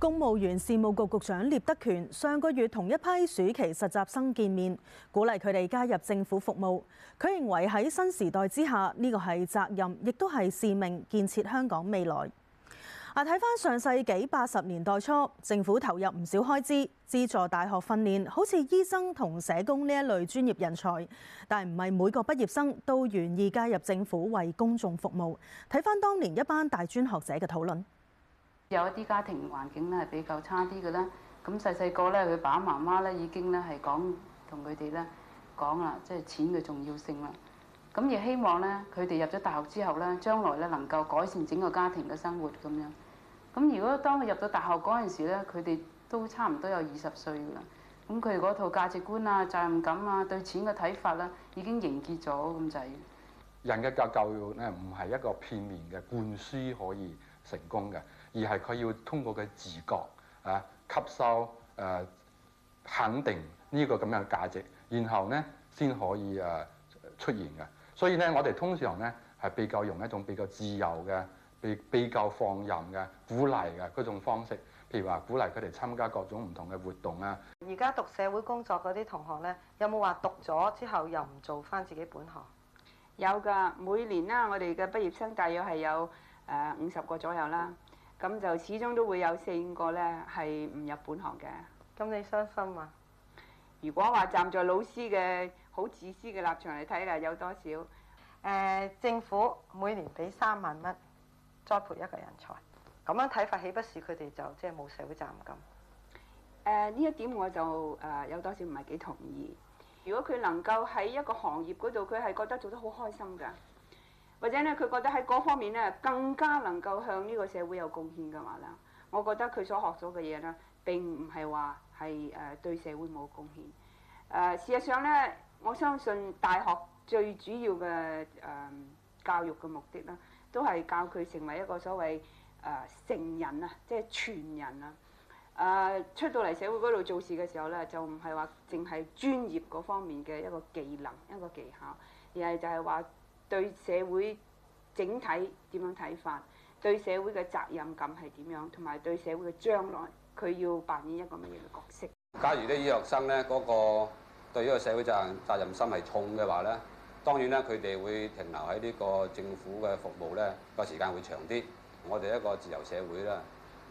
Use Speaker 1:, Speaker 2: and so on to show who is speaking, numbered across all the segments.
Speaker 1: 公務員事務局局長聶德權上個月同一批暑期實習生見面，鼓勵佢哋加入政府服務。佢認為喺新時代之下，呢個係責任，亦都係使命，建設香港未來。啊，睇返上世紀八十年代初，政府投入唔少開支，資助大學訓練，好似醫生同社工呢一類專業人才，但唔係每個畢業生都願意加入政府為公眾服務。睇返當年一班大專學者嘅討論。
Speaker 2: 有一啲家庭環境咧係比較差啲嘅啦，咁細細個咧，佢爸爸媽媽咧已經咧係講同佢哋咧講啦，即係、就是、錢嘅重要性啦。咁亦希望咧，佢哋入咗大學之後咧，將來咧能夠改善整個家庭嘅生活咁樣。咁如果當佢入咗大學嗰陣時咧，佢哋都差唔多有二十歲噶啦。咁佢嗰套價值觀啊、責任感啊、對錢嘅睇法啦、啊，已經凝結咗咁就。
Speaker 3: 人嘅教教育咧唔係一個片面嘅灌輸可以成功嘅。而係佢要通過佢自覺啊，吸收誒、啊、肯定呢個咁樣嘅價值，然後咧先可以誒、啊、出現嘅。所以咧，我哋通常咧係比較用一種比較自由嘅、比比較放任嘅、鼓勵嘅嗰種方式，譬如話鼓勵佢哋參加各種唔同嘅活動啊。
Speaker 4: 而家讀社會工作嗰啲同學咧，有冇話讀咗之後又唔做翻自己本行？有㗎，每年啦、啊，我哋嘅畢業生大約係有誒五十個左右啦。咁就始終都會有四五個呢，係唔入本行嘅。
Speaker 2: 咁你傷心嗎？
Speaker 4: 如果話站在老師嘅好自私嘅立場嚟睇咧，有多少？呃、政府每年俾三萬蚊，栽培一個人才，咁樣睇法，豈不是佢哋就即係冇社會責任感？呢、呃、一點我就誒、呃、有多少唔係幾同意。如果佢能夠喺一個行業嗰度，佢係覺得做得好開心㗎。或者咧，佢覺得喺嗰方面咧，更加能夠向呢個社會有貢獻嘅話咧，我覺得佢所學咗嘅嘢咧，並唔係話係誒對社會冇貢獻。誒，事實上咧，我相信大學最主要嘅誒教育嘅目的咧，都係教佢成為一個所謂誒成人啊，即係全人啊。誒出到嚟社會嗰度做事嘅時候咧，就唔係話淨係專業嗰方面嘅一個技能一個技巧，而係就係話。對社會整體點樣睇法？對社會嘅責任感係點樣？同埋對社會嘅將來，佢要扮演一個乜嘢嘅角色？
Speaker 5: 假如啲醫學生呢，嗰個對呢個社會責任責任心係重嘅話呢，當然咧，佢哋會停留喺呢個政府嘅服務呢個時間會長啲。我哋一個自由社會啦，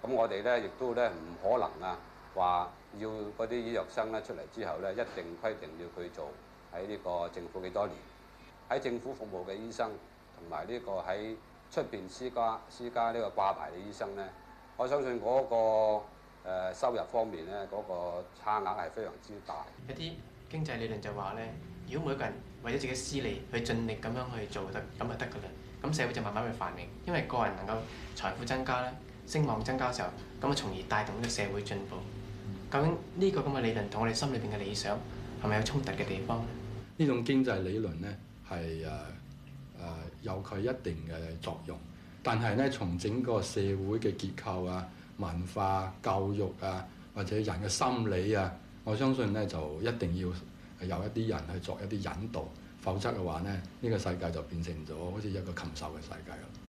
Speaker 5: 咁我哋呢亦都呢唔可能啊話要嗰啲醫學生呢出嚟之後呢，一定規定要佢做喺呢個政府幾多年。喺政府服務嘅醫生，同埋呢個喺出邊私家私家呢個掛牌嘅醫生呢，我相信嗰個收入方面呢，嗰個差額係非常之大。一啲經濟理論就話呢：如果每個人為咗自己私利去盡力咁樣去做得，咁就得㗎啦。咁
Speaker 3: 社會就慢慢去繁榮，因為個人能夠財富增加咧，聲望增加嘅時候，咁啊從而帶動呢個社會進步。究竟呢個咁嘅理論同我哋心裏邊嘅理想係咪有衝突嘅地方咧？呢種經濟理論呢。係誒，誒，有佢一定嘅作用，但係咧從整個社會嘅結構啊、文化、教育啊，或者人嘅心理啊，我相信咧就一定要有一啲人去作一啲引導，否則嘅話咧，呢個世界就變成咗好似一個禽獸嘅世界啦。